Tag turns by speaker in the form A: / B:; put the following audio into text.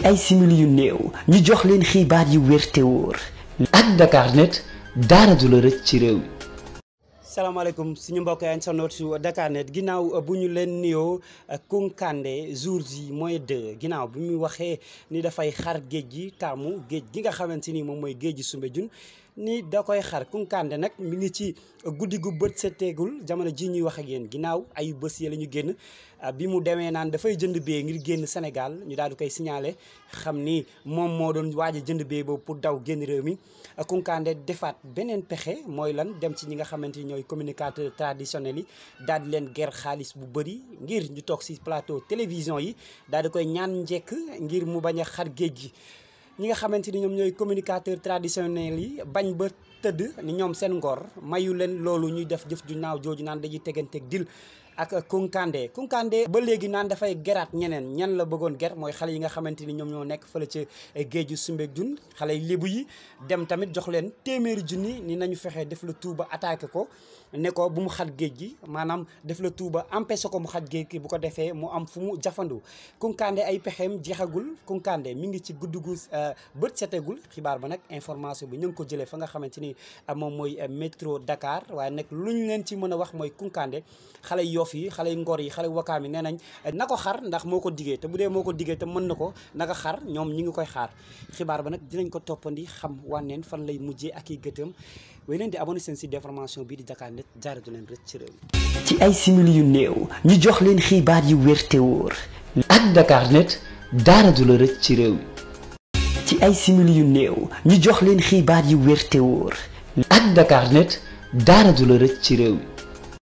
A: ci ay simili yu néew ñu jox leen xibaar yu wér te wóor. ak Dakarnet daara du la rëcc ci réew mi.
B: salaamaaleykum suñu mbokk yi ànd su Dakarnet ginnaaw bu ñu leen nuyoo Kounkandé jour yi mooy deux ginnaaw bi muy waxee ni dafay xar géej gi taamu géej gi nga xamante ni moom mooy géej gi jun ni da koy xar Kunkande nag mu ngi ci guddi gu bët seteegul jamono ji ñuy wax ak yéen ginnaaw ay bés yi la ñu génn ah, bi mu demee naan dafay jënd bee ngir génn Sénégal ñu daal di koy signalé xam ni moom moo doon waaj a jënd bee boobu pour daw génn réew mi ah, Kunkande defaat beneen pexe mooy lan dem ci ñi nga xamante ni ñooy communicateurs traditionnels yi daal di leen ger xaalis bu bëri ngir ñu toog si plateau télévision yi daal di koy ñaan njekk ngir mu bañ a xar géej gi ñi nga xamante ni ñoom ñooy communicateurs traditionnels yi bañ ba tëdd ni ñoom seen ngor mayu leen loolu ñuy def jëf ju naaw jooju naan dañuy teganteeg dil ak Kunkande Kunkande ba léegi naan dafay geraat ñeneen ñan la bëggoon ger mooy xale yi nga xamante ni ñoom ñoo nekk fële ca géeju jun xale yi lébu yi dem tamit jox leen téeméeri junni ni nañu fexee def la tuuba attaqué ko ne ko bu mu xat géej gi maanaam def la tuuba empêché ko mu xat géej gi bu ko defee mu am fu mu jafandu Kunkande ay pexeem jeexagul Kunkande mi ngi ci guddugu euh, bët setegul xibaar ba nag information bi ñu ngi ko jëlee fa nga xamante ni euh, moom mooy euh, métro Dakar waaye nag luñ leen ci mën a wax mooy Kunkande xale yoo Yoff xale yu yi xale yu Wakaam yi nee nañ na ko xar ndax moo ko diggee te bu dee moo ko diggee te mën na ko naka xar ñoom ñi ngi koy xaar xibaar ba nag dinañ ko toppandi xam wànneen fan lay mujjee ak i gëtëm way di abonné seen site d'information bii di Dakar Net jaare du leen rëcc ci réew
A: mi ay simili yu néew ñu jox leen xibaar yu wér te wóor ak Dakar Net daara la rëcc ci réew mi ci ay simili yu néew ñu jox leen xibaar yu wér te wóor ak Dakar Net daara ci réew mi